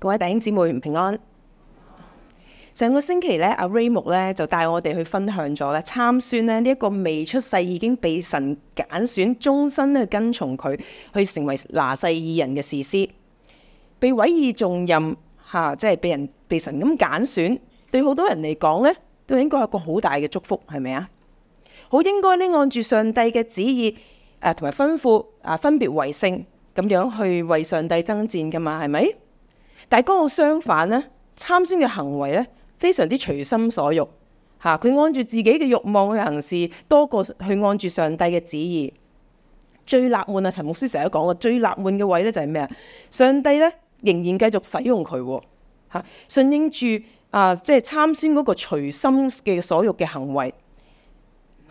各位弟兄姊妹，唔平安。上個星期咧，阿、啊、Ray m 木咧就帶我哋去分享咗咧，參孫咧呢一、這個未出世已經被神揀選，終身去跟從佢，去成為拿細耳人嘅士師，被委以重任嚇、啊，即係被人被神咁揀選，對好多人嚟講呢，都應該係一個好大嘅祝福，係咪啊？好應該呢，按住上帝嘅旨意誒同埋吩咐啊，分別為聖咁樣去為上帝爭戰噶嘛，係咪？但係嗰個相反咧，參孫嘅行為咧非常之隨心所欲，吓佢按住自己嘅慾望去行事，多過去按住上帝嘅旨意。最納悶啊，陳牧師成日都講嘅，最納悶嘅位咧就係咩啊？上帝咧仍然繼續使用佢，吓順應住啊，即係參孫嗰個隨心嘅所欲嘅行為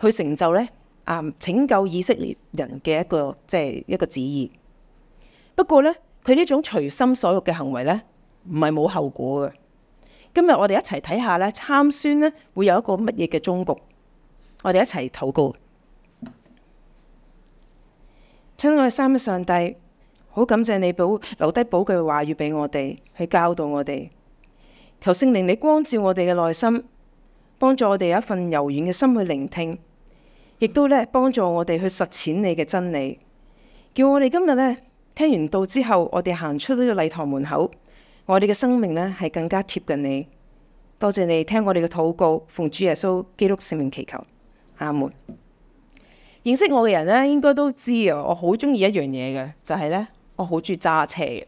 去成就咧啊拯救以色列人嘅一個即係一個旨意。不過咧，佢呢種隨心所欲嘅行為咧。唔係冇後果嘅。今日我哋一齊睇下咧，參孫咧會有一個乜嘢嘅終局？我哋一齊禱告。親愛嘅三位上帝，好感謝你保留低寶貴話語俾我哋去教導我哋。求聖靈你光照我哋嘅內心，幫助我哋有一份柔軟嘅心去聆聽，亦都咧幫助我哋去實踐你嘅真理。叫我哋今日咧聽完道之後，我哋行出呢個禮堂門口。我哋嘅生命咧係更加貼近你，多謝你聽我哋嘅禱告，奉主耶穌基督聖名祈求，阿門。認識我嘅人咧，應該都知啊，我好中意一樣嘢嘅，就係咧，我好中意揸車嘅，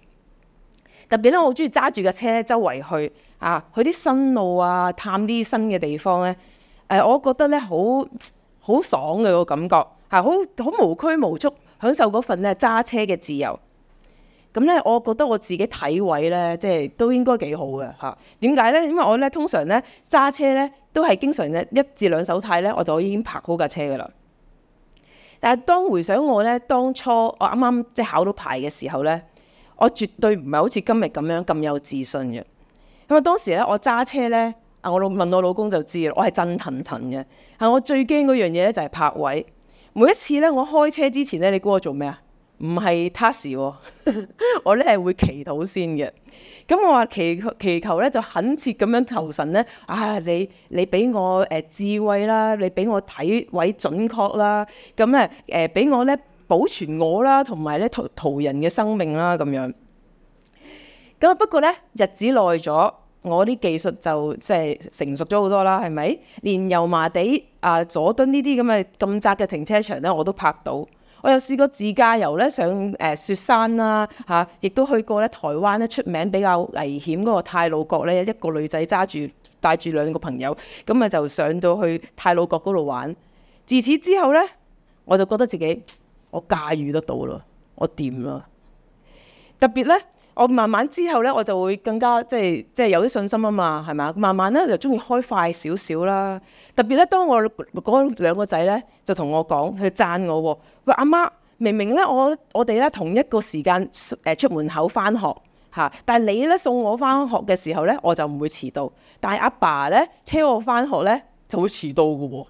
特別咧，我好中意揸住架車周圍去啊，去啲新路啊，探啲新嘅地方咧，誒，我覺得咧好好爽嘅個感覺，係好好無拘無束，享受嗰份咧揸車嘅自由。咁咧，我覺得我自己睇位咧，即係都應該幾好嘅嚇。點解咧？因為我咧通常咧揸車咧，都係經常一一至兩手態咧，我就已經泊好架車噶啦。但係當回想我咧當初我啱啱即係考到牌嘅時候咧，我絕對唔係好似今日咁樣咁有自信嘅。咁啊，當時咧我揸車咧，啊我問我老公就知啦，我係震騰騰嘅。係我最驚嗰樣嘢咧就係泊位。每一次咧我開車之前咧，你估我做咩啊？唔係他事喎， 我咧係會祈禱先嘅。咁我話祈祈求咧，就懇切咁樣求神咧。啊，你你俾我誒、呃、智慧啦，你俾我睇位準確啦。咁咧誒俾我咧保存我啦，同埋咧途人嘅生命啦咁樣。咁啊不過咧日子耐咗，我啲技術就即係成熟咗好多啦，係咪？連油麻地啊佐敦呢啲咁嘅咁窄嘅停車場咧，我都拍到。我又試過自駕遊咧，上誒雪山啦，嚇，亦都去過咧台灣咧，出名比較危險嗰個太魯閣咧，一個女仔揸住帶住兩個朋友，咁咪就上到去太魯閣嗰度玩。自此之後咧，我就覺得自己我駕馭得到咯，我掂咯，啊，特別咧。我慢慢之後咧，我就會更加即係即係有啲信心啊嘛，係咪？慢慢咧就中意開快少少啦。特別咧，當我嗰兩個仔咧就同我講，佢讚我喎。喂，阿媽，明明咧我我哋咧同一個時間誒出門口翻學嚇，但係你咧送我翻學嘅時候咧，我就唔會遲到。但係阿爸咧車我翻學咧就會遲到嘅喎。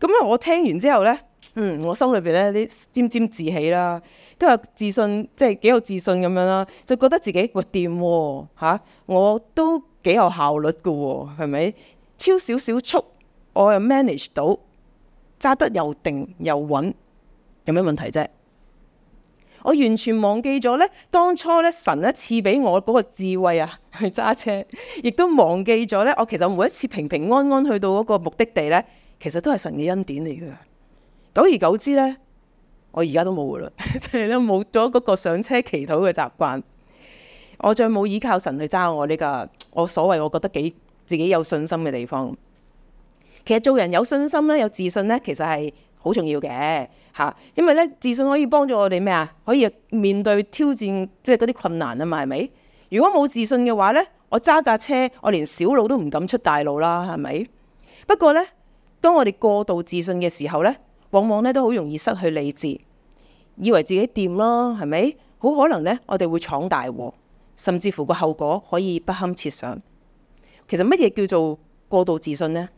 咁啊，我聽完之後咧。嗯，我心裏邊咧啲沾沾自喜啦，都有自信，即係幾有自信咁樣啦，就覺得自己唔掂喎，吓、啊啊、我都幾有效率噶，係咪？超少少速，我又 manage 到，揸得又定又穩，有咩問題啫？我完全忘記咗咧，當初咧神咧賜俾我嗰個智慧啊，去揸車，亦都忘記咗咧，我其實每一次平平安安去到嗰個目的地咧，其實都係神嘅恩典嚟嘅。久而久之咧，我而家都冇噶啦，即係都冇咗嗰個上車祈禱嘅習慣。我再冇依靠神去揸我呢個我所謂我覺得幾自己有信心嘅地方。其實做人有信心咧，有自信咧，其實係好重要嘅吓，因為咧自信可以幫助我哋咩啊？可以面對挑戰，即係嗰啲困難啊嘛？係咪？如果冇自信嘅話咧，我揸架車，我連小路都唔敢出大路啦，係咪？不過咧，當我哋過度自信嘅時候咧。往往咧，都好容易失去理智，以為自己掂啦，係咪？好可能咧，我哋會闖大禍，甚至乎個後果可以不堪設想。其實乜嘢叫做過度自信呢？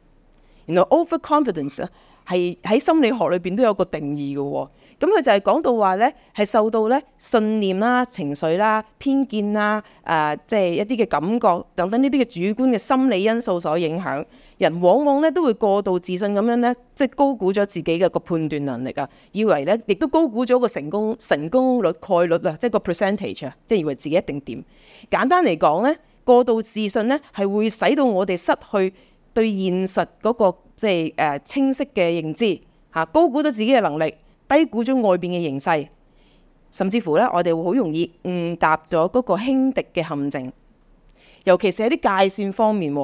原來 you know, overconfidence 係喺心理學裏邊都有個定義嘅喎、哦，咁佢就係講到話咧，係受到咧信念啦、情緒啦、偏見啦，誒、呃，即、就、係、是、一啲嘅感覺等等呢啲嘅主觀嘅心理因素所影響。人往往咧都會過度自信咁樣咧，即係高估咗自己嘅個判斷能力啊，以為咧亦都高估咗個成功成功率概率啊，即係個 percentage 啊，即係以為自己一定點。簡單嚟講咧，過度自信咧係會使到我哋失去對現實嗰個，即係誒，清晰嘅認知吓，高估咗自己嘅能力，低估咗外邊嘅形勢，甚至乎咧，我哋會好容易誤踏咗嗰個輕敵嘅陷阱，尤其是喺啲界線方面，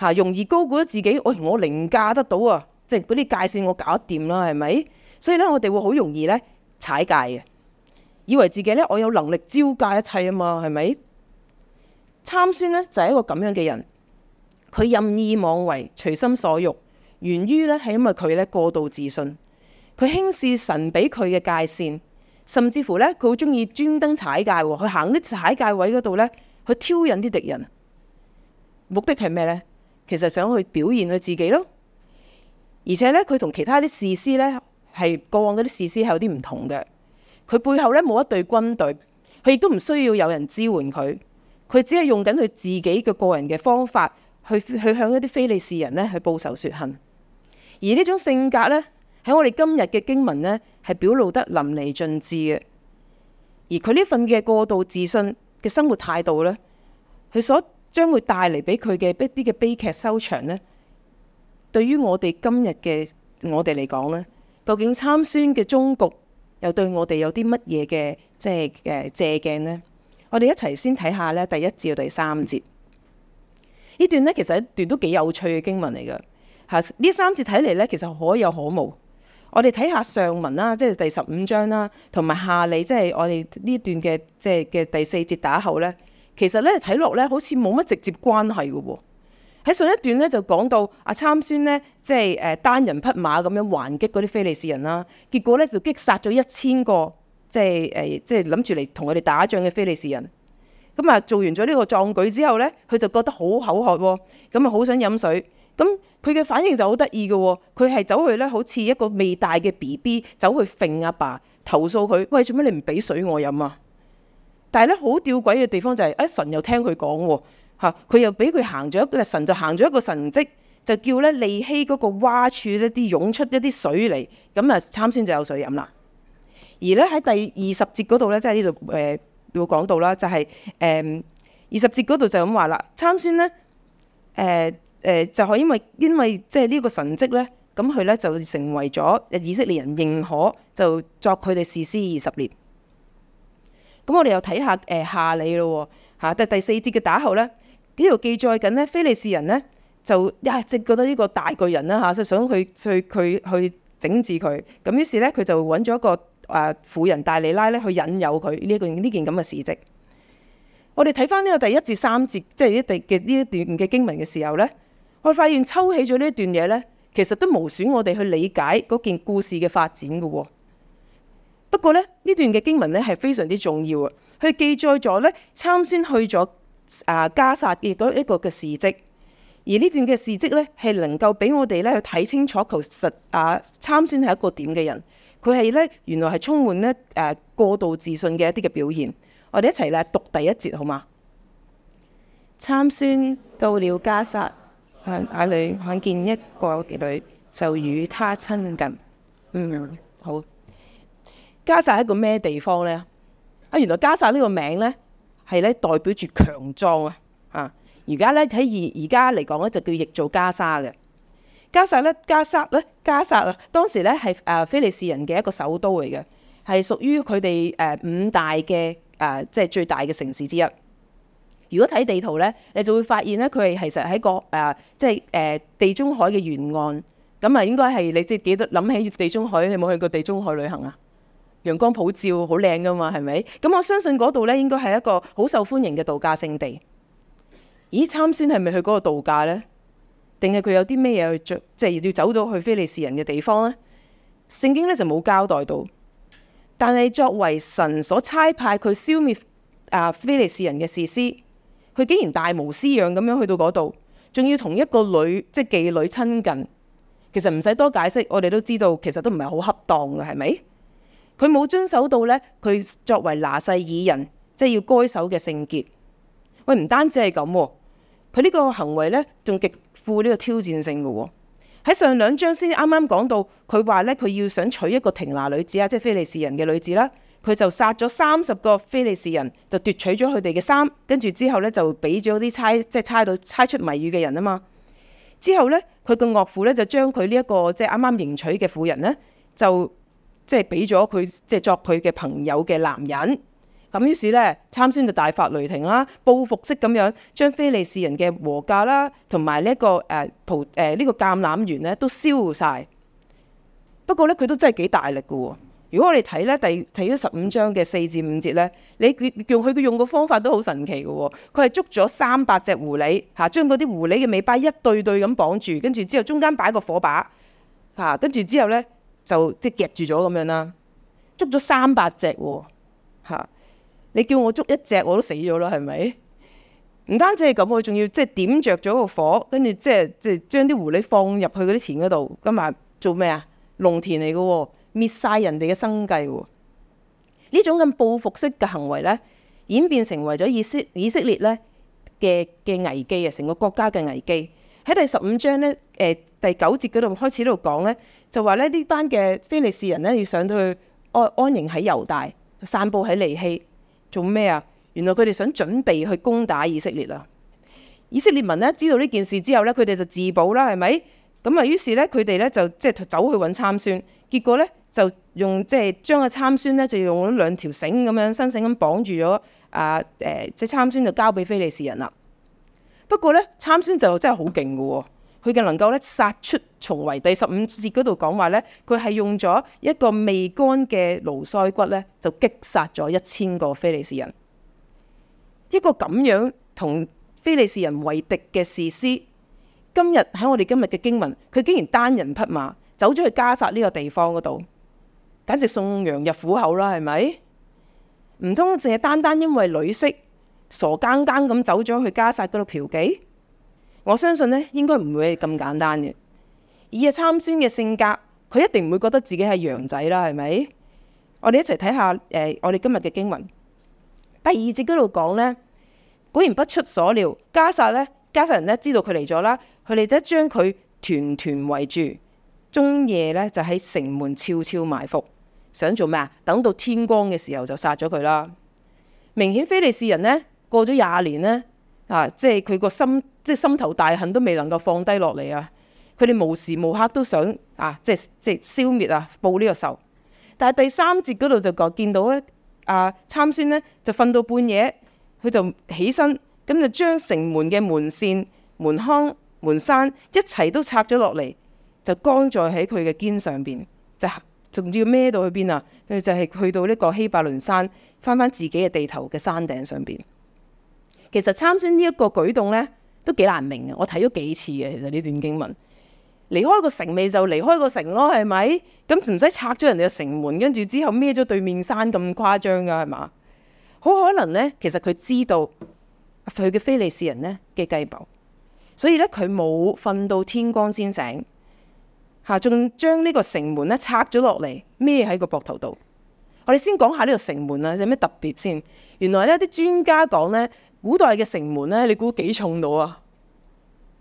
吓容易高估咗自己。喂，我凌駕得到啊，即係嗰啲界線我搞得掂啦，係咪？所以咧，我哋會好容易咧踩界嘅，以為自己咧我有能力招架一切啊嘛，係咪？參孫呢，就係一個咁樣嘅人。佢任意妄為，隨心所欲，源於咧係因為佢咧過度自信，佢輕視神俾佢嘅界線，甚至乎咧佢好中意專登踩界，佢行啲踩界位嗰度咧，佢挑釁啲敵人，目的係咩咧？其實想去表現佢自己咯。而且咧，佢同其他啲士師咧係過往嗰啲士師係有啲唔同嘅。佢背後咧冇一隊軍隊，佢亦都唔需要有人支援佢，佢只係用緊佢自己嘅個人嘅方法。去去向一啲非利士人呢去報仇雪恨，而呢種性格呢，喺我哋今日嘅經文呢，係表露得淋漓盡致嘅。而佢呢份嘅過度自信嘅生活態度呢，佢所將會帶嚟俾佢嘅一啲嘅悲劇收場呢，對於我哋今日嘅我哋嚟講呢，究竟參孫嘅終局又對我哋有啲乜嘢嘅即係誒借鏡呢？我哋一齊先睇下呢，第一至第三節。呢段咧其實一段都幾有趣嘅經文嚟嘅。嚇呢三節睇嚟咧，其實可有可無。我哋睇下上文啦，即係第十五章啦，同埋下嚟即係我哋呢段嘅即係嘅第四節打後咧，其實咧睇落咧好似冇乜直接關係㗎喎。喺上一段咧就講到阿參孫咧，即係誒單人匹馬咁樣還擊嗰啲非利士人啦，結果咧就擊殺咗一千個即係誒即係諗住嚟同我哋打仗嘅非利士人。咁啊，做完咗呢個壯舉之後咧，佢就覺得好口渴喎，咁啊好想飲水。咁佢嘅反應就好得意嘅喎，佢係走去咧，好似一個未大嘅 BB 走去揈阿爸投訴佢，喂，做咩你唔俾水我飲啊？但係咧好吊詭嘅地方就係、是，哎神又聽佢講喎，佢又俾佢行咗一個神就行咗一個神蹟，就叫咧利希嗰個窪處一啲湧出一啲水嚟，咁啊參孫就有水飲啦。而咧喺第二十節嗰度咧，即係呢度誒。呃會講到啦，就係誒二十節嗰度就咁話啦，參孫咧誒誒就係因為因為即係呢個神跡咧，咁佢咧就成為咗以色列人認可，就作佢哋士師二十年。咁我哋又睇下誒下裏咯喎，嚇、嗯啊！第第四節嘅打後咧，呢度記載緊咧，非利士人呢就一直、啊、覺得呢個大巨人啦嚇，就、啊、想去去佢去，去整治佢，咁於是咧佢就揾咗一個。啊！婦人大利拉咧，去引誘佢呢一個呢件咁嘅事蹟。我哋睇翻呢個第一至三節，即係一第嘅呢一段嘅經文嘅時候呢，我發現抽起咗呢一段嘢呢，其實都無損我哋去理解嗰件故事嘅發展嘅。不過咧，呢段嘅經文呢係非常之重要啊！佢記載咗咧參孫去咗啊加薩嘅嗰一個嘅事蹟，而呢段嘅事蹟呢係能夠俾我哋呢去睇清楚其實啊參孫係一個點嘅人。佢係咧，原來係充滿咧誒過度自信嘅一啲嘅表現。我哋一齊咧讀第一節，好嗎？參孫到了加沙，阿、啊、女我看見一個女，就與她親近。嗯，好。加沙係一個咩地方咧？啊，原來加沙呢個名咧係咧代表住強壯啊！啊，而家咧喺而而家嚟講咧就叫譯做加沙嘅。加薩咧，加薩咧，加薩啊！當時咧係誒非利士人嘅一個首都嚟嘅，係屬於佢哋誒五大嘅誒，即係最大嘅城市之一。如果睇地圖咧，你就會發現咧，佢係其實喺個誒，即係誒地中海嘅沿岸。咁啊，應該係你即係記得諗起地中海，你有冇去過地中海旅行啊？陽光普照，好靚㗎嘛，係咪？咁我相信嗰度咧應該係一個好受歡迎嘅度假勝地。咦，參孫係咪去嗰個度假咧？定係佢有啲咩嘢去即係、就是、要走到去非利士人嘅地方呢？聖經咧就冇交代到，但係作為神所差派佢消滅啊非利士人嘅士師，佢竟然大無私樣咁樣去到嗰度，仲要同一個女即係妓女親近，其實唔使多解釋，我哋都知道，其實都唔係好恰當嘅，係咪？佢冇遵守到呢，佢作為拿細耳人，即、就、係、是、要該守嘅聖潔。喂，唔單止係咁、啊。佢呢個行為咧，仲極富呢個挑戰性噶喎、哦。喺上兩章先啱啱講到，佢話咧，佢要想娶一個亭拿女子啊，即係非利士人嘅女子啦，佢就殺咗三十個非利士人，就奪取咗佢哋嘅衫，跟住之後咧就俾咗啲猜，即係猜到猜出謎語嘅人啊嘛。之後咧，佢個岳父咧就將佢呢一個即係啱啱迎娶嘅婦人咧，就即係俾咗佢即係作佢嘅朋友嘅男人。咁於是咧，參孫就大發雷霆啦，報復式咁樣將非利士人嘅禾稼啦，同埋呢一個誒蒲誒呢個橄欖園咧都燒晒。不過咧，佢都真係幾大力嘅喎。如果我哋睇咧第睇咗十五章嘅四至五節咧，你佢用佢嘅用嘅方法都好神奇嘅喎。佢係捉咗三百隻狐狸嚇、啊，將嗰啲狐狸嘅尾巴一對對咁綁住，跟住之後中間擺個火把嚇、啊，跟住之後咧就即係夾住咗咁樣啦。捉咗三百隻喎、啊。你叫我捉一隻，我都死咗啦，係咪？唔單止係咁，我仲要即係點着咗個火，跟住即係即係將啲狐狸放入去嗰啲田嗰度，今日做咩啊？農田嚟嘅喎，滅曬人哋嘅生計喎。呢種咁報復式嘅行為咧，演變成為咗以色以色列咧嘅嘅危機啊，成個國家嘅危機。喺第十五章咧，誒第九節嗰度開始度講咧，就話咧呢班嘅非利士人咧要上到去安安營喺猶大，散步喺利希。做咩啊？原來佢哋想準備去攻打以色列啦。以色列民呢，知道呢件事之後呢，佢哋就自保啦，係咪？咁啊，於是呢，佢哋呢就即係走去揾參孫，結果呢就用即係將個參孫呢就用咗兩條繩咁樣，新繩咁綁住咗啊，誒，即係參孫就交俾菲利士人啦。不過呢，參孫就真係好勁嘅喎。佢嘅能夠咧殺出重圍，從第十五節嗰度講話咧，佢係用咗一個未乾嘅驢腮骨咧，就擊殺咗一千個非利士人。一個咁樣同非利士人為敵嘅士師，今日喺我哋今日嘅經文，佢竟然單人匹馬走咗去加薩呢個地方嗰度，簡直送羊入虎口啦，係咪？唔通淨係單單因為女色傻更更咁走咗去加薩嗰度嫖妓？我相信咧，應該唔會咁簡單嘅。以阿參孫嘅性格，佢一定唔會覺得自己係羊仔啦，係咪？我哋一齊睇下誒、呃，我哋今日嘅經文第二節嗰度講咧，果然不出所料，迦薩咧，迦薩人咧知道佢嚟咗啦，佢哋一將佢團團圍住，中夜咧就喺城門悄悄埋伏，想做咩啊？等到天光嘅時候就殺咗佢啦。明顯非利士人呢，過咗廿年呢。啊！即係佢個心，即係心頭大恨都未能夠放低落嚟啊！佢哋無時無刻都想啊！即係即係消滅啊，報呢個仇。但係第三節嗰度就講見到咧，啊參孫咧就瞓到半夜，佢就起身，咁就將城門嘅門扇、門框、門山一齊都拆咗落嚟，就扛在喺佢嘅肩上邊，就仲要孭到去邊啊？佢就係、是、去到呢個希伯倫山，翻翻自己嘅地頭嘅山頂上邊。其實參孫呢一個舉動呢，都幾難明嘅，我睇咗幾次嘅。其實呢段經文離開個城未就離開個城咯，係咪？咁唔使拆咗人哋嘅城門，跟住之後孭咗對面山咁誇張噶，係嘛？好可能呢，其實佢知道佢嘅非利士人呢嘅計謀，所以呢，佢冇瞓到天光先醒吓，仲將呢個城門呢拆咗落嚟孭喺個膊頭度。我哋先講下呢個城門啊，有咩特別先？原來呢，啲專家講呢。古代嘅城門咧，你估幾重到啊？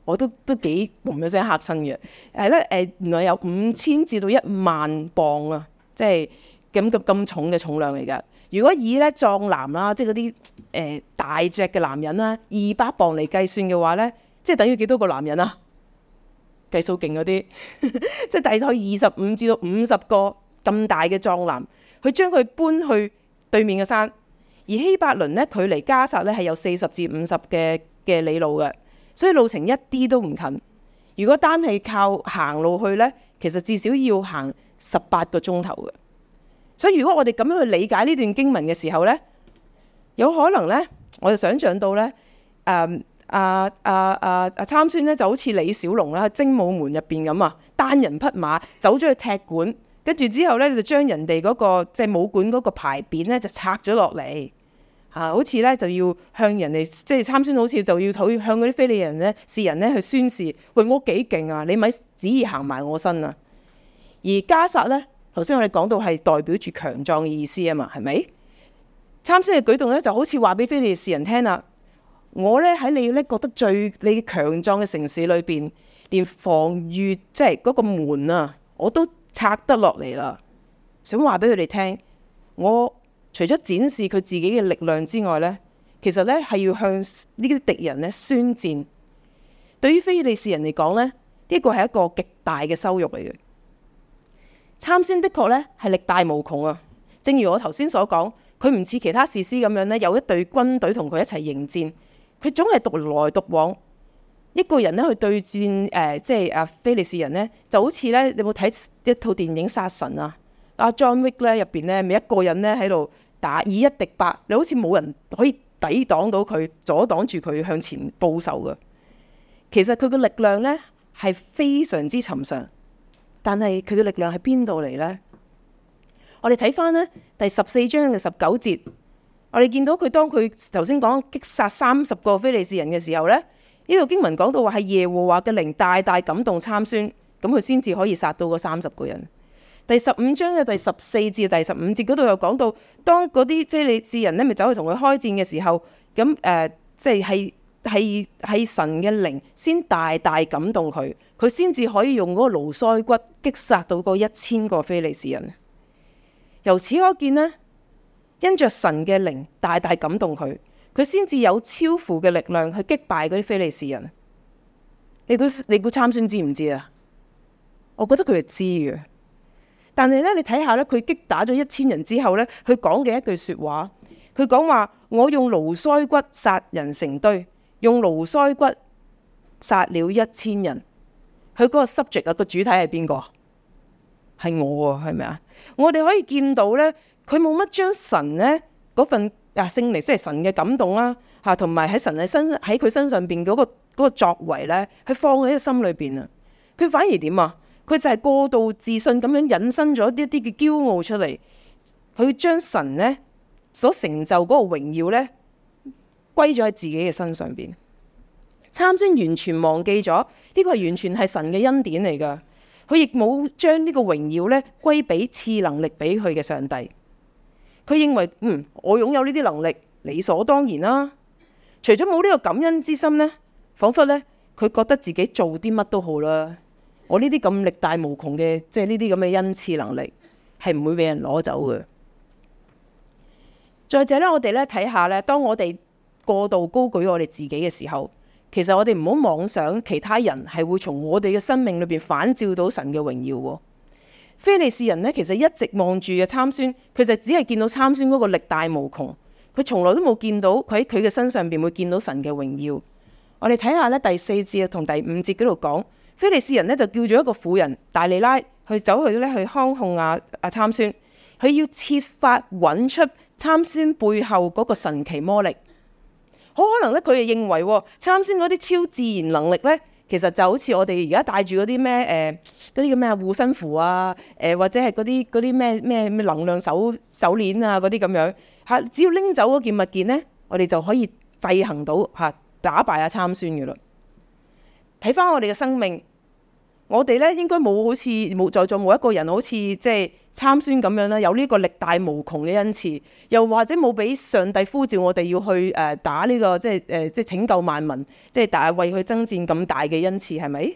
我都都幾噉一聲嚇親嘅，係咧誒，原來有五千至到一萬磅啊，即係咁咁咁重嘅重量嚟㗎。如果以咧壯男啦，即係嗰啲誒大隻嘅男人啦，二百磅嚟計算嘅話咧，即係等於幾多個男人啊？計數勁嗰啲，即 係大概二十五至到五十個咁大嘅壯男去將佢搬去對面嘅山。而希伯倫咧，距離加薩咧係有四十至五十嘅嘅里路嘅，所以路程一啲都唔近。如果單係靠行路去咧，其實至少要行十八個鐘頭嘅。所以如果我哋咁樣去理解呢段經文嘅時候咧，有可能咧，我就想像到咧，誒、嗯、啊啊啊啊參孫咧就好似李小龍啦，喺精武門入邊咁啊，單人匹馬走咗去踢館，跟住之後咧就將人哋嗰、那個即係、就是、武館嗰個牌匾咧就拆咗落嚟。嚇、啊！好似咧就要向人哋，即係參孫好似就要討向嗰啲非利人咧，士人咧去宣示：喂，我幾勁啊！你咪旨意行埋我身啊！而迦薩咧，頭先我哋講到係代表住強壯嘅意思啊嘛，係咪？參孫嘅舉動咧就好似話俾非利士人聽啦，我咧喺你咧覺得最你強壯嘅城市裏邊，連防禦即係嗰個門啊，我都拆得落嚟啦，想話俾佢哋聽，我。除咗展示佢自己嘅力量之外咧，其實咧係要向呢啲敵人咧宣戰。對於非利士人嚟講咧，呢、呢個係一個極大嘅羞辱嚟嘅。參宣的確咧係力大無窮啊！正如我頭先所講，佢唔似其他士師咁樣咧，有一隊軍隊同佢一齊迎戰，佢總係獨來獨往，一個人咧去對戰誒、呃，即係阿非利士人咧，就好似咧你有冇睇一套電影《殺神》啊？阿 John Wick 咧入邊咧，咪一個人咧喺度。打以一敵百，你好似冇人可以抵擋到佢，阻擋住佢向前報仇嘅。其實，佢嘅力量呢，係非常之尋常，但係，佢嘅力量喺邊度嚟呢？我哋睇翻呢第十四章嘅十九節，我哋見到佢當佢頭先講擊殺三十個非利士人嘅時候呢，呢度經文講到話，係耶和華嘅靈大大感動參孫，咁佢先至可以殺到嗰三十個人。第十五章嘅第十四至第十五節嗰度又講到，當嗰啲非利士人咧咪走去同佢開戰嘅時候，咁誒，即係係係神嘅靈先大大感動佢，佢先至可以用嗰個驢腮骨擊殺到嗰一千個非利士人。由此可見呢，因着神嘅靈大大感動佢，佢先至有超乎嘅力量去擊敗嗰啲非利士人。你估你估參孫知唔知啊？我覺得佢係知嘅。但係咧，你睇下咧，佢擊打咗一千人之後咧，佢講嘅一句說話，佢講話我用驢腮骨殺人成堆，用驢腮骨殺了一千人。佢嗰個 subject 個主體係邊個？係我喎，係咪啊？我哋可以見到咧，佢冇乜將神咧嗰份啊聖靈，即係神嘅感動啦，吓同埋喺神嘅身喺佢身上邊嗰個個作為咧，佢放喺心裏邊啊，佢反而點啊？佢就係過度自信咁樣引申咗一啲嘅驕傲出嚟，佢將神呢所成就嗰個榮耀呢歸咗喺自己嘅身上邊，參孫完全忘記咗呢，這個係完全係神嘅恩典嚟噶，佢亦冇將呢個榮耀呢歸俾賜能力俾佢嘅上帝，佢認為嗯我擁有呢啲能力理所當然啦，啊，除咗冇呢個感恩之心呢，仿佛呢，佢覺得自己做啲乜都好啦。我呢啲咁力大無窮嘅，即係呢啲咁嘅恩賜能力，係唔會俾人攞走嘅。再者咧，我哋咧睇下咧，當我哋過度高舉我哋自己嘅時候，其實我哋唔好妄想其他人係會從我哋嘅生命裏邊反照到神嘅榮耀。非利士人呢，其實一直望住嘅參孫，佢就只係見到參孫嗰個力大無窮，佢從來都冇見到佢喺佢嘅身上邊會見到神嘅榮耀。我哋睇下咧第四節同第五節嗰度講。非利士人咧就叫咗一個婦人大利拉去走去咧去康控阿、啊、阿、啊、參孫，佢要設法揾出參孫背後嗰個神奇魔力。好可能咧，佢哋認為、啊、參孫嗰啲超自然能力咧，其實就好似我哋而家戴住嗰啲咩誒嗰啲叫咩啊護身符啊誒、欸、或者係嗰啲啲咩咩咩能量手手鏈啊嗰啲咁樣嚇，只要拎走嗰件物件咧，我哋就可以制衡到嚇打敗阿、啊、參孫嘅啦。睇返我哋嘅生命。我哋咧應該冇好似冇在座冇一個人好似即係參孫咁樣啦，有呢個力大無窮嘅恩賜，又或者冇俾上帝呼召我哋要去誒打呢個即係誒即係拯救萬民，即係打為佢爭戰咁大嘅恩賜，係咪？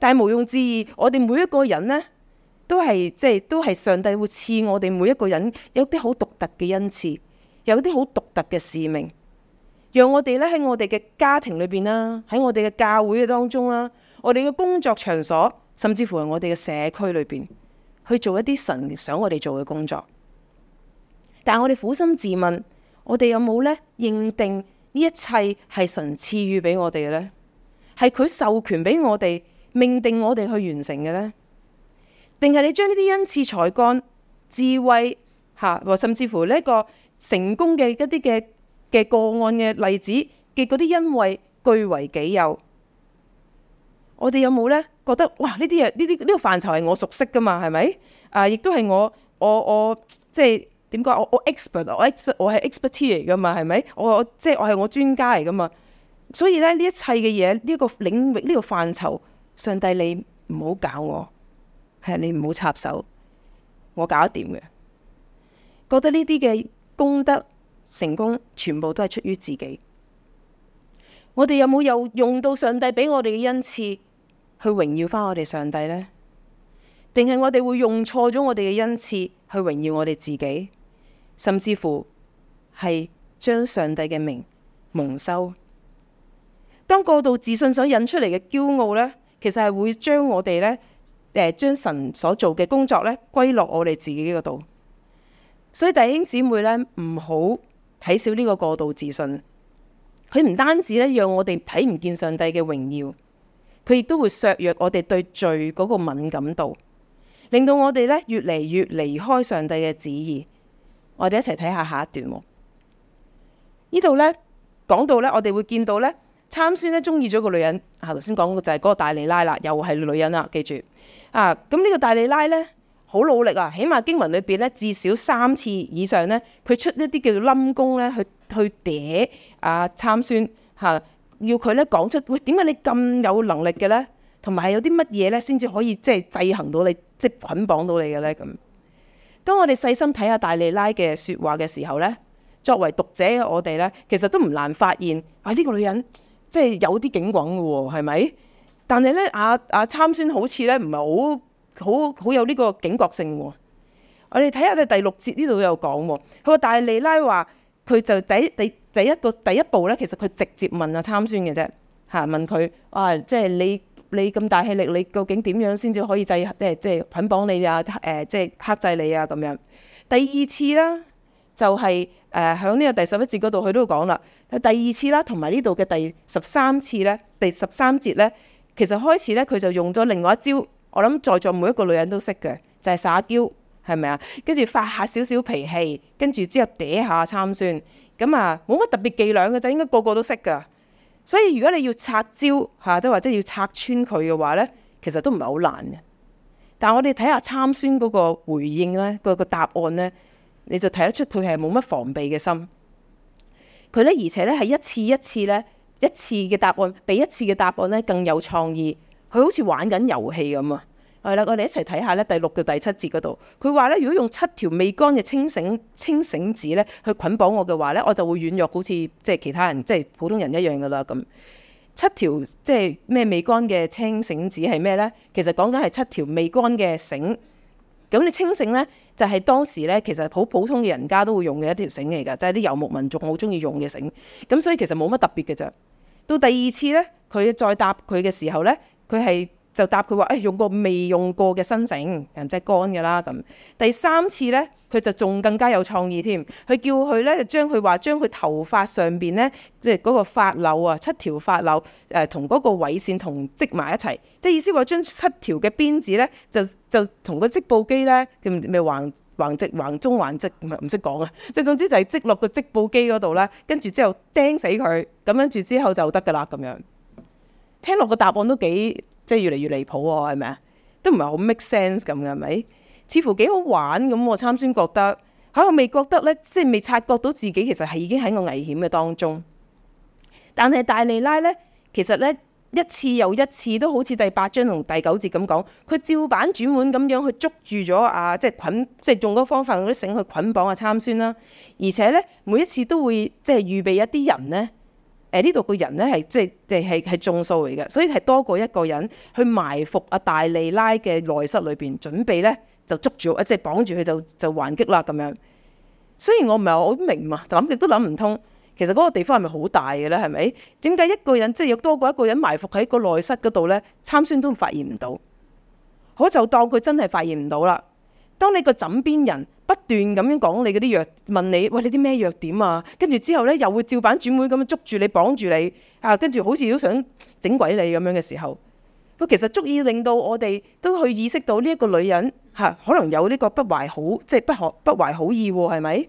但係無庸置疑，我哋每一個人咧都係即係都係上帝會賜我哋每一個人有啲好獨特嘅恩賜，有啲好獨特嘅使命，讓我哋咧喺我哋嘅家庭裏邊啦，喺我哋嘅教會嘅當中啦，我哋嘅工作場所，甚至乎係我哋嘅社區裏邊去做一啲神想我哋做嘅工作。但係我哋苦心自問，我哋有冇咧認定呢一切係神賜予俾我哋嘅呢？係佢授權俾我哋命定我哋去完成嘅呢？定係你將呢啲恩賜、才幹、智慧嚇，甚至乎呢一個成功嘅一啲嘅嘅個案嘅例子嘅嗰啲恩惠據為己有？我哋有冇咧？覺得哇！呢啲嘢呢啲呢個範疇係我熟悉噶嘛，係咪？啊，亦都係我我我即係點講？我我我我 expert，我 expert，我係 expert 嚟噶嘛，係咪？我即係我係我專家嚟噶嘛。所以咧，呢一切嘅嘢，呢個領域，呢個範疇，上帝你唔好搞我，係你唔好插手，我搞得掂嘅。覺得呢啲嘅功德成功，全部都係出於自己。我哋有冇又用到上帝俾我哋嘅恩賜？去榮耀翻我哋上帝呢？定係我哋會用錯咗我哋嘅恩賜去榮耀我哋自己，甚至乎係將上帝嘅名蒙羞。當過度自信所引出嚟嘅驕傲呢，其實係會將我哋呢，誒，將神所做嘅工作呢歸落我哋自己呢個度。所以弟兄姊妹呢，唔好睇小，呢個過度自信，佢唔單止呢，讓我哋睇唔見上帝嘅榮耀。佢亦都會削弱我哋對罪嗰個敏感度，令到我哋咧越嚟越離開上帝嘅旨意。我哋一齊睇下下一段喎。呢度咧講到咧，我哋會見到咧，參孫咧中意咗個女人。啊，頭先講嘅就係嗰個大利拉啦，又係女人啦，記住啊。咁、這、呢個大利拉咧，好努力啊，起碼經文裏邊咧至少三次以上咧，佢出一啲叫做冧功咧，去去嗲啊參孫嚇。要佢咧講出喂點解你咁有能力嘅咧？同埋有啲乜嘢咧先至可以即係制衡到你，即係捆綁到你嘅咧咁。當我哋細心睇下大利拉嘅説話嘅時候咧，作為讀者我哋咧其實都唔難發現啊呢個女人即係有啲警棍嘅喎，係咪？但係咧阿阿參孫好似咧唔係好好好有呢個警覺性喎。我哋睇下咧第六節呢度有講喎，佢話大利拉話佢就第第。第一個第一步咧，其實佢直接問，參孫問啊，參孫嘅啫嚇，問佢哇，即係你你咁大氣力，你究竟點樣先至可以制即係即係捆綁你啊？誒，即係、呃、克制你啊咁樣。第二次啦，就係誒響呢個第十一節嗰度，佢都講啦。佢第二次啦，同埋呢度嘅第十三次咧，第十三節咧，其實開始咧，佢就用咗另外一招。我諗在座每一個女人都識嘅，就係、是、撒嬌係咪啊？跟住發一一下少少脾氣，跟住之後嗲下參孫。咁啊，冇乜特別伎倆嘅就應該個個都識噶。所以如果你要拆招，即或者要拆穿佢嘅話咧，其實都唔係好難嘅。但我哋睇下參孫嗰個回應咧，個、那個答案咧，你就睇得出佢係冇乜防備嘅心。佢咧，而且咧係一次一次咧，一次嘅答案比一次嘅答案咧更有創意。佢好似玩緊遊戲咁啊！係啦， 我哋一齊睇下咧，第六到第七節嗰度，佢話咧，如果用七條未乾嘅青繩青繩子咧去捆綁我嘅話咧，我就會軟弱，好似即係其他人，即係普通人一樣㗎啦。咁七條即係咩未乾嘅青繩子係咩咧？其實講緊係七條未乾嘅繩。咁你青繩咧，就係當時咧，其實好普通嘅人家都會用嘅一條繩嚟㗎，就係啲遊牧民族好中意用嘅繩。咁所以其實冇乜特別嘅咋。到第二次咧，佢再答佢嘅時候咧，佢係。就答佢話，誒用個未用過嘅新繩，人即係乾㗎啦。咁第三次咧，佢就仲更加有創意添。佢叫佢咧，就將佢話將佢頭髮上邊咧，即係嗰個髮綹啊，七條髮綹誒，同、呃、嗰個緯線同織埋一齊。即係意思話將七條嘅辮子咧，就就同個織布機咧，叫咩橫直，織橫中橫織，唔係唔識講啊。即係總之就係織落個織布機嗰度啦。跟住之後釘死佢，咁跟住之後就得㗎啦。咁樣聽落個答案都幾～即係越嚟越離譜喎，係咪啊？是都唔係好 make sense 咁嘅，係咪？似乎幾好玩咁、啊，參孫覺得嚇，但我未覺得咧，即係未察覺到自己其實係已經喺個危險嘅當中。但係大利拉咧，其實咧一次又一次都好似第八章同第九節咁講，佢照板轉碗咁樣去捉住咗啊！即係捆，即係用嗰個方法嗰啲繩去捆綁啊參孫啦、啊。而且咧，每一次都會即係預備一啲人咧。喺呢度個人咧係即係係係眾數嚟嘅，所以係多過一個人去埋伏阿大利拉嘅內室裏邊，準備咧就捉住，即係綁住佢就就還擊啦咁樣。雖然我唔係好明啊，諗極都諗唔通，其實嗰個地方係咪好大嘅咧？係咪？點解一個人即係要多過一個人埋伏喺個內室嗰度咧，參孫都發現唔到？好，就當佢真係發現唔到啦。當你個枕邊人。不斷咁樣講你嗰啲弱，問你，喂，你啲咩弱點啊？跟住之後呢，又會照板煮碗咁樣捉住你綁住你啊！跟住好似都想整鬼你咁樣嘅時候，咁其實足以令到我哋都去意識到呢一個女人嚇、啊、可能有呢個不懷好即係不可不懷好意喎、啊，係咪？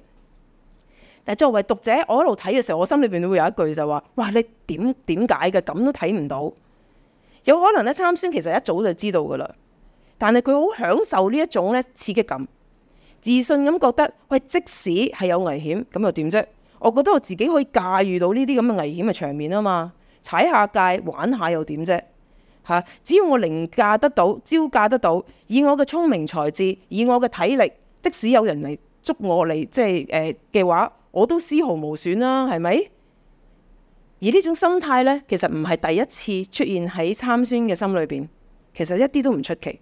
但作為讀者，我一路睇嘅時候，我心裏邊都會有一句就話：哇！你點點解嘅咁都睇唔到？有可能呢，參孫其實一早就知道㗎喇，但係佢好享受呢一種咧刺激感。自信咁覺得，喂，即使係有危險，咁又點啫？我覺得我自己可以駕馭到呢啲咁嘅危險嘅場面啊嘛，踩下界玩下又點啫？嚇，只要我凌駕得到、招架得到，以我嘅聰明才智、以我嘅體力，即使有人嚟捉我嚟，即係誒嘅話，我都絲毫無損啦，係咪？而呢種心態呢，其實唔係第一次出現喺參孫嘅心裏面，其實一啲都唔出奇。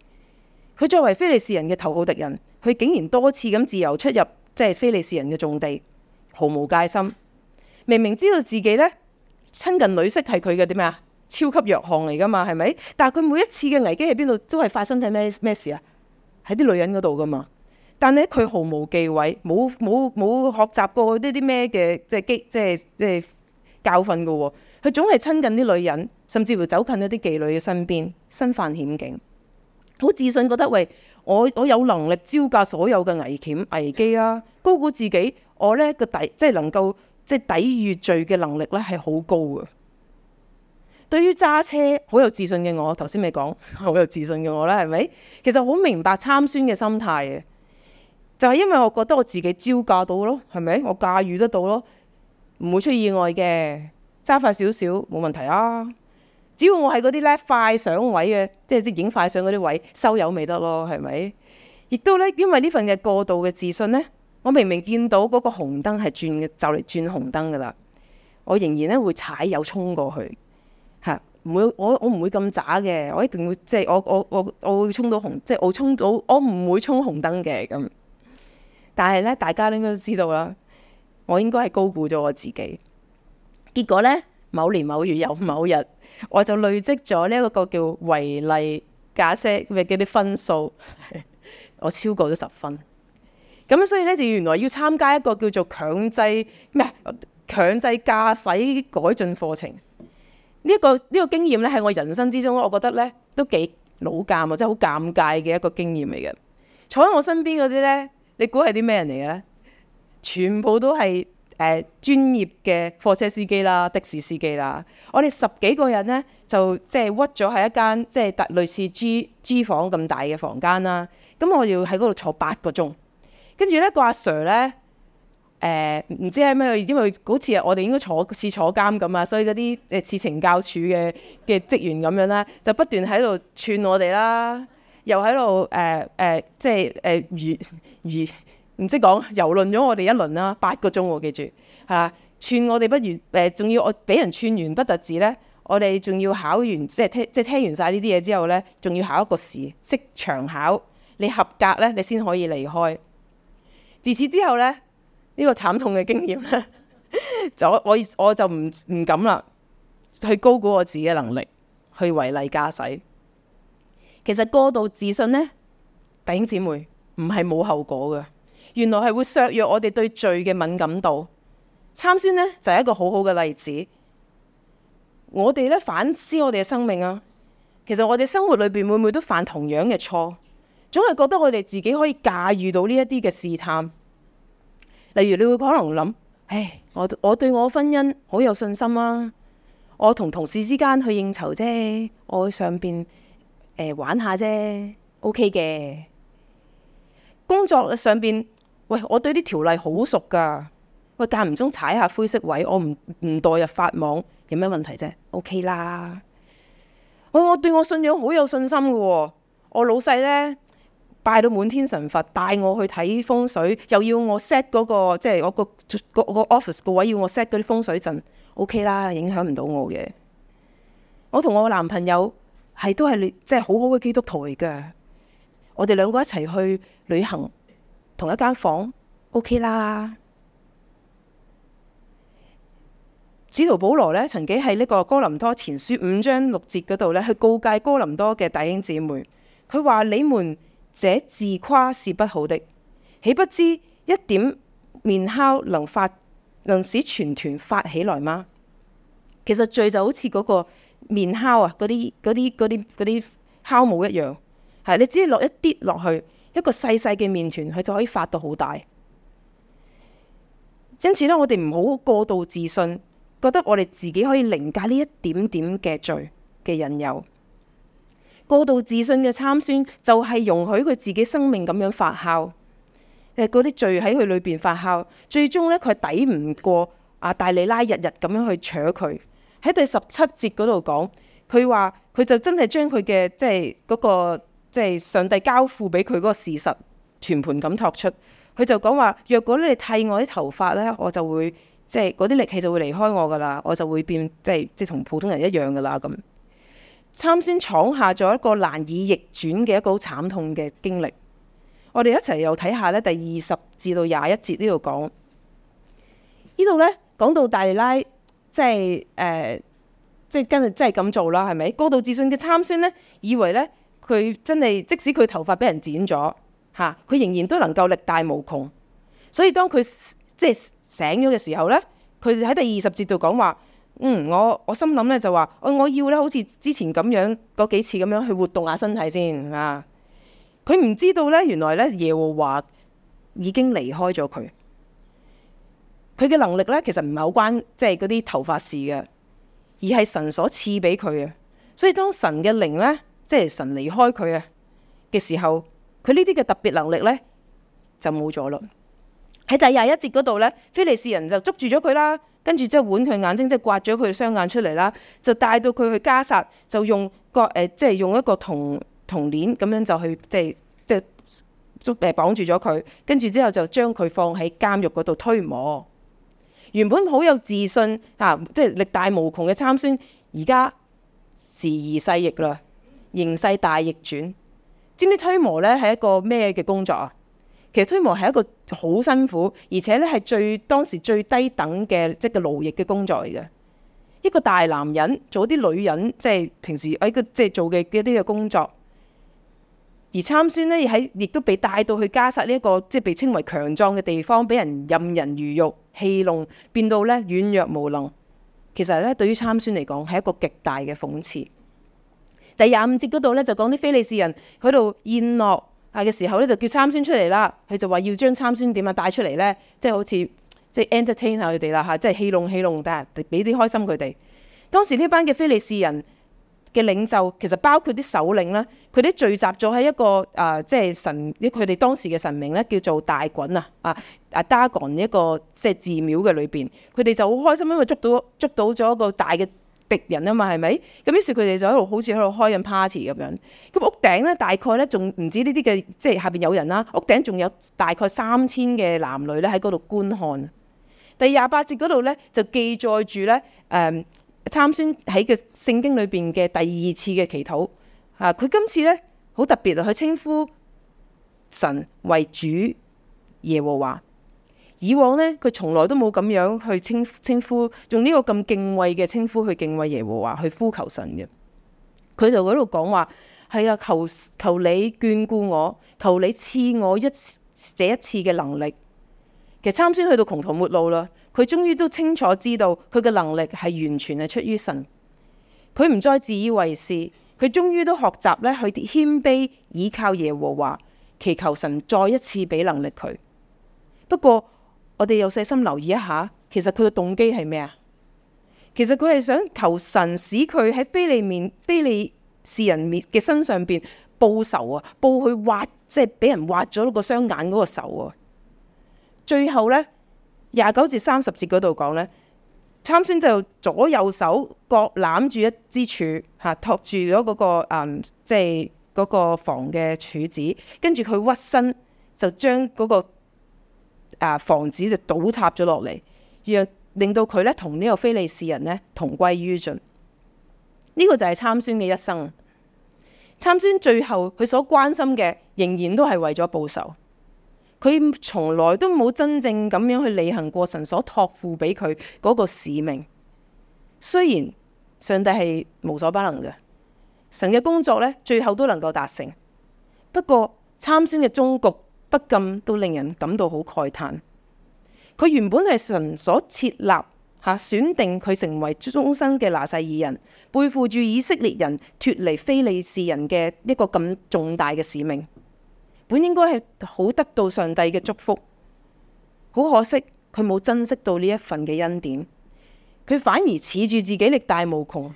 佢作為非利士人嘅頭號敵人。佢竟然多次咁自由出入，即係非利士人嘅重地，毫無戒心。明明知道自己呢，親近女色係佢嘅啲咩啊，超級弱項嚟㗎嘛，係咪？但係佢每一次嘅危機喺邊度都係發生喺咩咩事啊？喺啲女人嗰度㗎嘛。但係佢毫無忌諱，冇冇冇學習過呢啲咩嘅，即係即係即係教訓嘅喎。佢總係親近啲女人，甚至乎走近一啲妓女嘅身邊，身犯險境，好自信覺得喂，我我有能力招架所有嘅危險危機啊！高估自己，我咧個抵即係能夠即係抵禦罪嘅能力咧係好高嘅。對於揸車好有自信嘅我，頭先咪講好有自信嘅我咧，係咪？其實好明白參孫嘅心態嘅，就係因為我覺得我自己招架到咯，係咪？我駕馭得到咯，唔會出意外嘅，揸快少少冇問題啊！只要我係嗰啲咧快上位嘅，即係即影快上嗰啲位收油咪得咯，係咪？亦都咧，因為呢份嘅過度嘅自信咧，我明明見到嗰個紅燈係轉嘅，就嚟轉紅燈噶啦，我仍然咧會踩油衝過去嚇，唔會我我唔會咁渣嘅，我一定會即係我我我我會衝到紅，即係我衝到我唔會衝紅燈嘅咁。但係咧，大家都應該都知道啦，我應該係高估咗我自己，結果咧。某年某月有某日，我就累積咗呢一個叫違例駕駛嘅啲分數，我超過咗十分。咁所以咧就原來要參加一個叫做強制咩？強制駕駛改進課程。呢、呢、一個呢、呢個經驗咧喺我人生之中，我覺得咧都幾老尷啊，即係好尷尬嘅一個經驗嚟嘅。坐喺我身邊嗰啲咧，你估係啲咩人嚟嘅咧？全部都係。誒、呃、專業嘅貨車司機啦、的士司機啦，我哋十幾個人咧就即係屈咗喺一間即係特類似 G G 房咁大嘅房間啦。咁我要喺嗰度坐八個鐘，跟住咧個阿 Sir 咧誒唔知係咩？因為好似我哋應該坐似坐監咁啊，所以嗰啲誒似懲教處嘅嘅職員咁樣啦，就不斷喺度串我哋啦，又喺度誒誒即係誒如如。呃呃呃唔識講遊論咗我哋一輪啦，八個鐘喎，我記住嚇。串我哋不如誒，仲、呃、要我俾人串完不特止咧，我哋仲要考完，即係聽即係聽完晒呢啲嘢之後咧，仲要考一個試，即場考。你合格咧，你先可以離開。自此之後咧，呢、呢個慘痛嘅經驗咧，就我我就唔唔敢啦，去高估我自己嘅能力，去違例駕駛。其實過度自信咧，弟兄姊妹唔係冇後果嘅。原來係會削弱我哋對罪嘅敏感度。參孫呢，就係一個好好嘅例子。我哋咧，反思我哋嘅生命啊，其實我哋生活裏面，會唔會都犯同樣嘅錯？總係覺得我哋自己可以駕馭到呢一啲嘅試探。例如你會可能諗：唉，我我對我婚姻好有信心啊。我同同事之間去應酬啫，我去上面、呃、玩下啫，OK 嘅。工作上面。喂，我對啲條例好熟噶，喂，間唔中踩下灰色位，我唔唔墮入法網，有咩問題啫？OK 啦。喂，我對我信仰好有信心噶、喎，我老細咧拜到滿天神佛，帶我去睇風水，又要我 set 嗰個即係我個、個、個 office 個位，要我 set 嗰啲風水陣，OK 啦，影響唔到我嘅。我同我男朋友係都係即係好好嘅基督徒嚟噶，我哋兩個一齊去旅行。同一間房，OK 啦。使徒保羅咧，曾經喺呢個哥林多前書五章六節嗰度咧，去告誡哥林多嘅弟兄姊妹，佢話，你們這自誇是不好的，豈不知一點麵酵能發能使全團發起來嗎？其實罪就好似嗰個麵酵啊，嗰啲嗰啲嗰啲嗰啲酵母一樣，係你只要落一啲落去。一個細細嘅麵團，佢就可以發到好大。因此咧，我哋唔好過度自信，覺得我哋自己可以凌駕呢一點點嘅罪嘅引誘。過度自信嘅參孫，就係容許佢自己生命咁樣發酵，誒，嗰啲罪喺佢裏邊發酵，最終咧，佢抵唔過啊大利拉日日咁樣去扯佢。喺第十七節嗰度講，佢話佢就真係將佢嘅即係嗰個。即係上帝交付俾佢嗰個事實，全盤咁托出，佢就講話：若果咧你剃我啲頭髮咧，我就會即係嗰啲力氣就會離開我噶啦，我就會變即係即係同普通人一樣噶啦咁。參孫闖下咗一個難以逆轉嘅一個好慘痛嘅經歷。我哋一齊又睇下咧，第二十至到廿一節呢度講，呢度咧講到大利拉即係誒，即係跟住即係咁做啦，係咪過度自信嘅參孫咧，以為咧，佢真係即使佢頭髮俾人剪咗吓佢仍然都能夠力大無窮。所以當佢即係醒咗嘅時候咧，佢喺第二十節度講話：嗯，我我心諗咧就話，哦，我要咧好似之前咁樣嗰幾次咁樣去活動下身體先啊。佢唔知道咧，原來咧耶和華已經離開咗佢。佢嘅能力咧其實唔係有關即係嗰啲頭髮事嘅，而係神所賜俾佢嘅。所以當神嘅靈咧。即係神離開佢啊嘅時候，佢呢啲嘅特別能力咧就冇咗咯。喺第廿一節嗰度咧，菲利士人就捉住咗佢啦，跟住即係揾佢眼睛，即係刮咗佢雙眼出嚟啦，就帶到佢去加撒，就用個誒、呃，即係用一個銅銅鏈咁樣就去即係即係捉誒綁住咗佢，跟住之後就將佢放喺監獄嗰度推磨。原本好有自信嚇、啊，即係力大無窮嘅參孫，而家時移世易啦。形勢大逆轉，知唔知推磨咧係一個咩嘅工作啊？其實推磨係一個好辛苦，而且咧係最當時最低等嘅即係個勞役嘅工作嚟嘅。一個大男人做啲女人即係平時喺個即係做嘅一啲嘅工作，而參孫呢，亦喺亦都被帶到去加薩呢一個即係被稱為強壯嘅地方，俾人任人魚肉戲弄，變到咧軟弱無能。其實咧對於參孫嚟講係一個極大嘅諷刺。第廿五節嗰度咧就講啲非利士人喺度宴樂啊嘅時候咧，就叫參孫出嚟啦，佢就話要將參孫點啊帶出嚟咧，即係好似即係 entertain 下佢哋啦嚇，即係戲弄戲弄，得係俾啲開心佢哋。當時呢班嘅非利士人嘅領袖其實包括啲首領啦，佢哋聚集咗喺一個啊、呃，即係神，佢哋當時嘅神明咧叫做大袞啊啊啊 Dagon 一個即係寺廟嘅裏邊，佢哋就好開心，因為捉到捉到咗一個大嘅。敵人啊嘛，係咪？咁於是佢哋就喺度好似喺度開緊 party 咁樣。咁屋頂咧，大概咧仲唔止呢啲嘅，即係下邊有人啦。屋頂仲有，有大概三千嘅男女咧喺嗰度觀看。第廿八節嗰度咧就記載住咧誒參孫喺嘅聖經裏邊嘅第二次嘅祈禱。啊，佢今次咧好特別啊，佢稱呼神為主耶和華。以往呢，佢從來都冇咁樣去稱稱呼，呼，用呢個咁敬畏嘅稱呼去敬畏耶和華，去呼求神嘅。佢就喺度講話：，係啊，求求你眷顧我，求你賜我一這一次嘅能力。其實參孫去到窮途末路啦，佢終於都清楚知道，佢嘅能力係完全係出於神。佢唔再自以為是，佢終於都學習咧去謙卑依靠耶和華，祈求神再一次俾能力佢。不過，我哋又細心留意一下，其實佢嘅動機係咩啊？其實佢係想求神使佢喺非利面、非利士人面嘅身上邊報仇啊！報佢挖，即係俾人挖咗個雙眼嗰個仇啊！最後咧，廿九至三十節嗰度講咧，參孫就左右手各攬住一支柱，嚇托住咗嗰個嗯，即係嗰個房嘅柱子，跟住佢屈身就將嗰、那個。啊！房子就倒塌咗落嚟，讓令到佢咧同呢個非利士人呢同歸於盡。呢個就係參孫嘅一生。參孫最後佢所關心嘅，仍然都係為咗報仇。佢從來都冇真正咁樣去履行過神所託付俾佢嗰個使命。雖然上帝係無所不能嘅，神嘅工作咧最後都能夠達成。不過參孫嘅終局，不禁都令人感到好慨嘆。佢原本係神所設立吓，啊，選定佢成為終生嘅拿細耳人，背負住以色列人脫離非利士人嘅一個咁重大嘅使命，本應該係好得到上帝嘅祝福。好可惜，佢冇珍惜到呢一份嘅恩典，佢反而恃住自己力大無窮，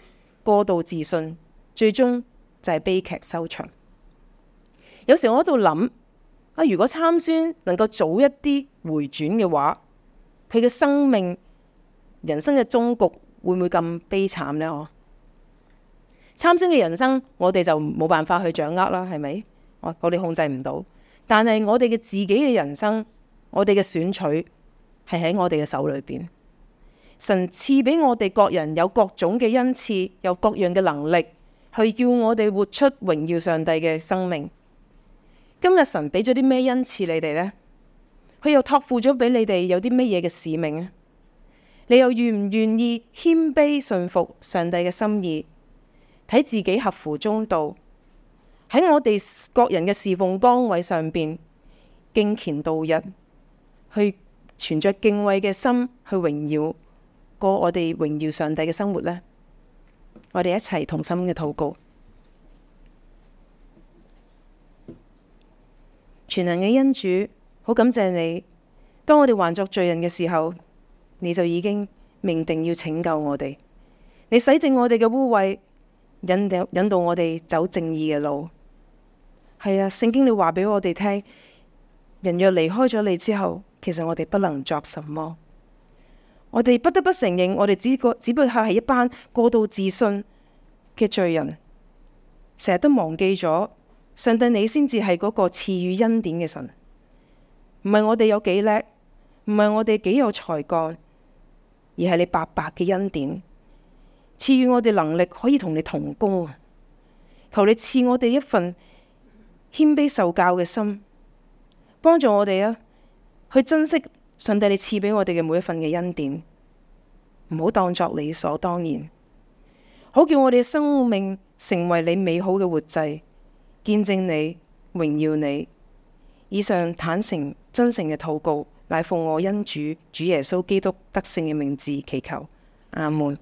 過度自信，最終就係悲劇收場。有時候我喺度諗。啊！如果參孫能夠早一啲回轉嘅話，佢嘅生命、人生嘅終局會唔會咁悲慘呢？嗬？參孫嘅人生，我哋就冇辦法去掌握啦，係咪？我哋控制唔到，但係我哋嘅自己嘅人生，我哋嘅選取係喺我哋嘅手裏邊。神賜俾我哋各人有各種嘅恩賜，有各樣嘅能力，去叫我哋活出榮耀上帝嘅生命。今日神俾咗啲咩恩賜你哋呢？佢又托付咗俾你哋有啲咩嘢嘅使命啊？你又願唔願意謙卑信服上帝嘅心意，睇自己合乎中道，喺我哋各人嘅侍奉崗位上邊，敬虔度日，去存着敬畏嘅心去榮耀，過我哋榮耀上帝嘅生活呢？我哋一齊同心嘅禱告。全能嘅恩主，好感謝你。當我哋還作罪人嘅時候，你就已經命定要拯救我哋。你洗淨我哋嘅污穢，引引導我哋走正義嘅路。係啊，聖經你話俾我哋聽，人若離開咗你之後，其實我哋不能作什麼。我哋不得不承認，我哋只只不過係一班過度自信嘅罪人，成日都忘記咗。上帝，你先至係嗰個賜予恩典嘅神，唔係我哋有幾叻，唔係我哋幾有才幹，而係你白白嘅恩典，賜予我哋能力可以同你同工啊！求你賜我哋一份謙卑受教嘅心，幫助我哋啊，去珍惜上帝你賜俾我哋嘅每一份嘅恩典，唔好當作理所當然，好叫我哋嘅生命成為你美好嘅活祭。見證你，榮耀你。以上坦誠、真誠嘅禱告，乃奉我恩主、主耶穌基督得勝嘅名字祈求。阿門。